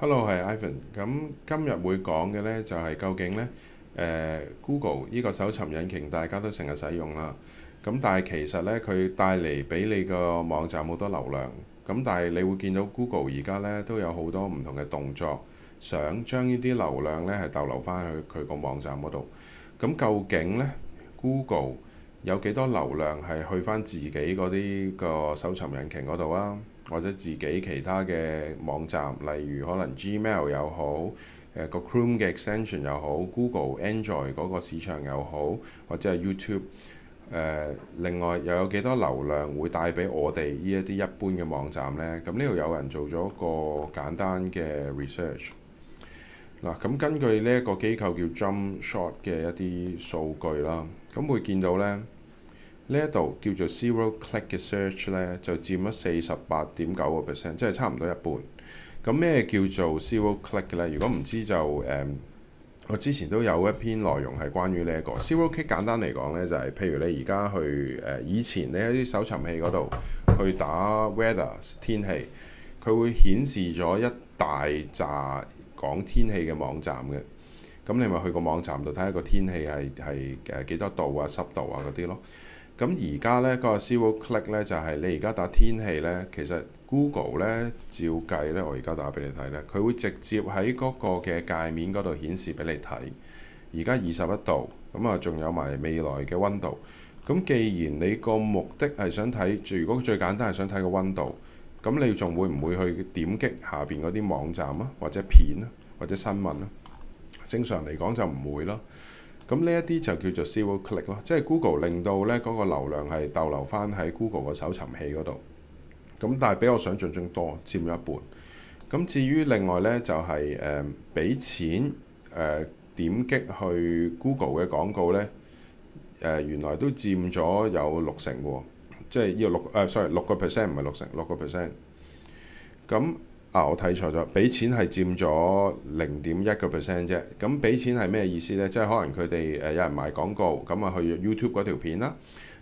Hello，係 Ivan。咁今日會講嘅呢就係究竟呢，誒 Google 呢個搜尋引擎大家都成日使用啦。咁但係其實呢佢帶嚟俾你個網站好多流量。咁但係你會見到 Google 而家呢都有好多唔同嘅動作，想將呢啲流量呢係逗留翻去佢個網站嗰度。咁究竟呢 Google 有幾多流量係去翻自己嗰啲個搜尋引擎嗰度啊？或者自己其他嘅網站，例如可能 Gmail 又好，誒、呃、個 Chrome 嘅 extension 又好，Google、Android 嗰個市場又好，或者係 YouTube，誒、呃、另外又有幾多流量會帶俾我哋呢一啲一般嘅網站呢？咁呢度有人做咗個簡單嘅 research，嗱咁、啊、根據呢一個機構叫 Jumpshot 嘅一啲數據啦，咁會見到呢。呢一度叫做 zero click 嘅 search 咧，就佔咗四十八點九個 percent，即係差唔多一半。咁咩叫做 zero click 咧？如果唔知就誒、嗯，我之前都有一篇內容係關於呢一個 zero click。簡單嚟講咧，就係、是、譬如你而家去誒、呃、以前你喺啲搜尋器嗰度去打 weather 天氣，佢會顯示咗一大紮講天氣嘅網站嘅。咁你咪去個網站度睇下個天氣係係誒幾多度啊、濕度啊嗰啲咯。咁而家呢、個 Zero Click 呢，就係你而家打天氣呢。其實 Google 呢，照計呢，我而家打俾你睇呢，佢會直接喺嗰個嘅界面嗰度顯示俾你睇。而家二十一度，咁啊，仲有埋未來嘅温度。咁既然你個目的係想睇，如果最簡單係想睇個温度，咁你仲會唔會去點擊下邊嗰啲網站啊，或者片啊，或者新聞啊？正常嚟講就唔會咯。咁呢一啲就叫做 zero click 咯，即係 Google 令到咧嗰個流量係逗留翻喺 Google 嘅搜尋器嗰度。咁但係比我想像中多，佔咗一半。咁至於另外咧就係誒俾錢誒、呃、點擊去 Google 嘅廣告咧，誒、呃、原來都佔咗有六成喎，即係要六誒、呃、，sorry 六個 percent 唔係六成，六個 percent。咁啊！我睇錯咗，俾錢係佔咗零點一個 percent 啫。咁俾錢係咩意思呢？即係可能佢哋誒有人賣廣告，咁啊去 YouTube 嗰條片啦。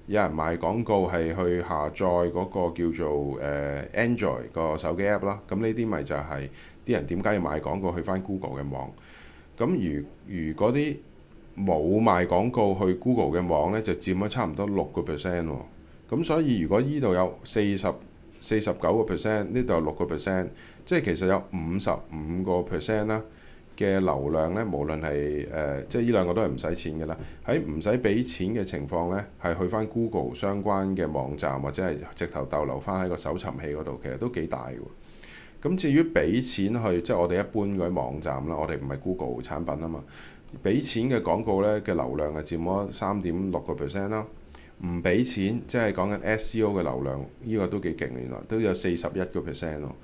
有人賣廣告係去下載嗰個叫做誒、呃、Android 個手機 app 啦。咁呢啲咪就係啲人點解要買廣告去翻 Google 嘅網？咁如如果啲冇賣廣告去 Google 嘅網呢，就佔咗差唔多六個 percent 喎。咁、哦、所以如果呢度有四十四十九個 percent，呢度有六個 percent，即係其實有五十五個 percent 啦嘅流量呢，無論係誒，即係呢兩個都係唔使錢嘅啦。喺唔使俾錢嘅情況呢，係去翻 Google 相關嘅網站或者係直頭逗留翻喺個搜尋器嗰度，其實都幾大㗎。咁至於俾錢去，即係我哋一般嗰啲網站啦，我哋唔係 Google 產品啊嘛，俾錢嘅廣告呢嘅流量係佔咗三點六個 percent 啦。唔俾錢，即係講緊 SEO 嘅流量，呢、這個都幾勁，原來都有四十一個 percent 咯。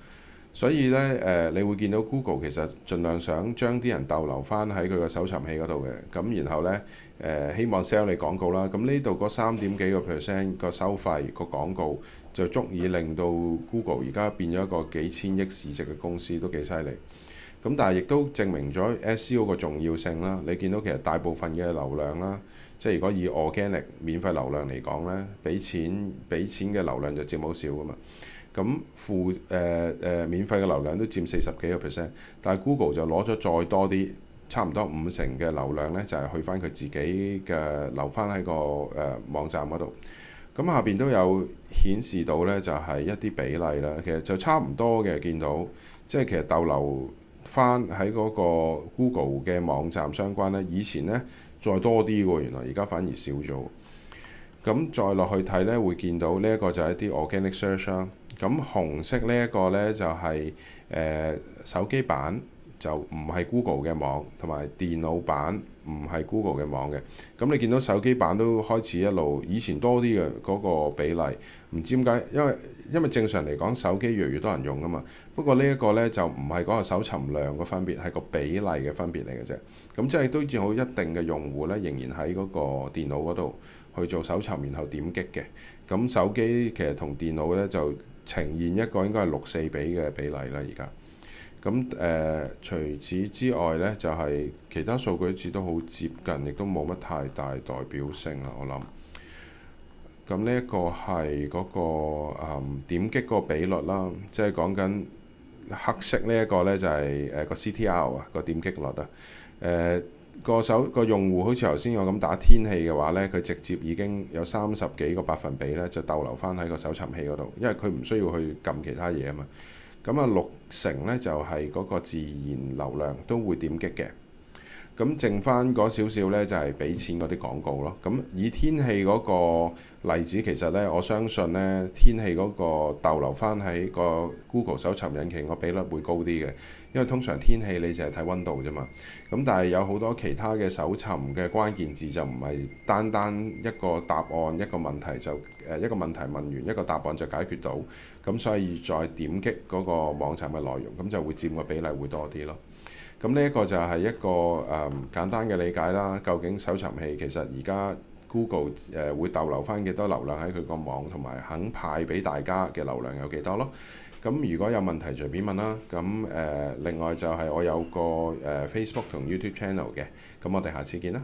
所以呢，誒、呃，你會見到 Google 其實盡量想將啲人逗留翻喺佢個搜尋器嗰度嘅，咁然後呢，誒、呃，希望 sell 你廣告啦。咁呢度嗰三點幾個 percent 個收費個廣告就足以令到 Google 而家變咗一個幾千億市值嘅公司，都幾犀利。咁但係亦都證明咗 SEO 個重要性啦。你見到其實大部分嘅流量啦。即係如果以 organic 免費流量嚟講呢，俾錢俾錢嘅流量就佔好少㗎嘛。咁付誒誒、呃呃、免費嘅流量都佔四十幾個 percent，但係 Google 就攞咗再多啲，差唔多五成嘅流量呢，就係、是、去返佢自己嘅留返喺、那個誒、呃、網站嗰度。咁下邊都有顯示到呢，就係、是、一啲比例啦。其實就差唔多嘅，見到即係其實逗留，翻喺嗰個 Google 嘅網站相關呢，以前呢再多啲喎，原來而家反而少咗。咁再落去睇呢，會見到呢一個就係一啲 Organic Search 啦。咁紅色呢一個呢，就係、是、誒、呃、手機版。就唔係 Google 嘅網同埋電腦版的的，唔係 Google 嘅網嘅。咁你見到手機版都開始一路，以前多啲嘅嗰個比例，唔知點解，因為因為正常嚟講手機越嚟越多人用啊嘛。不過呢一個呢，就唔係嗰個搜尋量嘅分別，係個比例嘅分別嚟嘅啫。咁即係都仲有一定嘅用戶呢，仍然喺嗰個電腦嗰度去做搜尋，然後點擊嘅。咁手機其實同電腦呢，就呈現一個應該係六四比嘅比例啦。而家。咁誒、呃，除此之外咧，就係、是、其他數據字都好接近，亦都冇乜太大代表性啦。我諗，咁呢一個係嗰、那個誒、呃、點擊個比率啦，即係講緊黑色呢一個咧，就係誒個 CTR 啊個點擊率啊，誒、呃、個手個用戶好似頭先我咁打天氣嘅話咧，佢直接已經有三十幾個百分比咧，就逗留翻喺個搜冊器嗰度，因為佢唔需要去撳其他嘢啊嘛。咁啊，六成咧就係嗰個自然流量都會點擊嘅。咁剩翻嗰少少呢，就係俾錢嗰啲廣告咯。咁以天氣嗰個例子，其實呢，我相信呢，天氣嗰個逗留翻喺個 Google 搜尋引擎，個比率會高啲嘅，因為通常天氣你就係睇溫度啫嘛。咁但係有好多其他嘅搜尋嘅關鍵字，就唔係單單一個答案一個問題就誒一個問題問完一個答案就解決到。咁所以再點擊嗰個網站嘅內容，咁就會佔個比例會多啲咯。咁呢一個就係一個誒簡單嘅理解啦。究竟搜尋器其實而家 Google 誒、呃、會逗留翻幾多流量喺佢個網，同埋肯派俾大家嘅流量有幾多咯？咁如果有問題隨便問啦。咁誒、呃、另外就係我有個誒、呃、Facebook 同 YouTube Channel 嘅，咁我哋下次見啦。